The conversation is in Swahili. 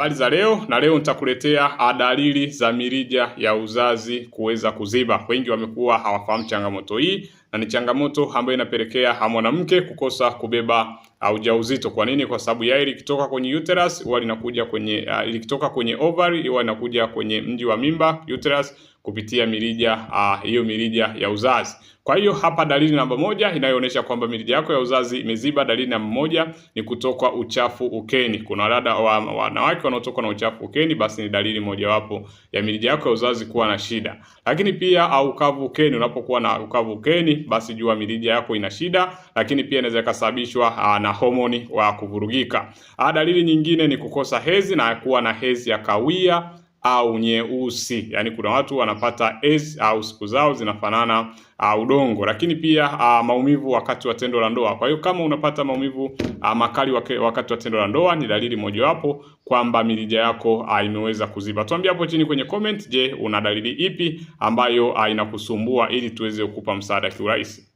habari za leo, na leo nitakuletea dalili za mirija ya uzazi kuweza kuziba. Wengi wamekuwa hawafahamu changamoto hii na ni changamoto ambayo inapelekea mwanamke kukosa kubeba uh, ujauzito. Kwa nini? Kwa sababu yai likitoka kwenye uterus huwa linakuja kwenye uh, likitoka kwenye ovary huwa linakuja kwenye mji wa mimba uterus kupitia mirija uh, hiyo, uh, mirija ya uzazi. Kwa hiyo hapa dalili namba moja inayoonyesha kwamba mirija yako ya uzazi imeziba, dalili namba moja ni kutokwa uchafu ukeni. Kuna wadada wa wanawake wanaotokwa na uchafu ukeni, basi ni dalili mojawapo ya mirija yako ya uzazi kuwa na shida. Lakini pia uh, ukavu ukeni, unapokuwa na ukavu ukeni basi jua mirija yako ina shida, lakini pia inaweza ikasababishwa ah, na homoni wa kuvurugika. Ah, dalili nyingine ni kukosa hezi na kuwa na hezi ya kawia au nyeusi. Yaani kuna watu wanapata ezi au siku zao zinafanana uh, udongo, lakini pia uh, maumivu wakati wa tendo la ndoa. Kwa hiyo kama unapata maumivu uh, makali wakati wa tendo la ndoa, ni dalili mojawapo kwamba mirija yako uh, imeweza kuziba. Tuambie hapo chini kwenye comment, je, una dalili ipi ambayo uh, inakusumbua ili tuweze kukupa msaada kiurahisi.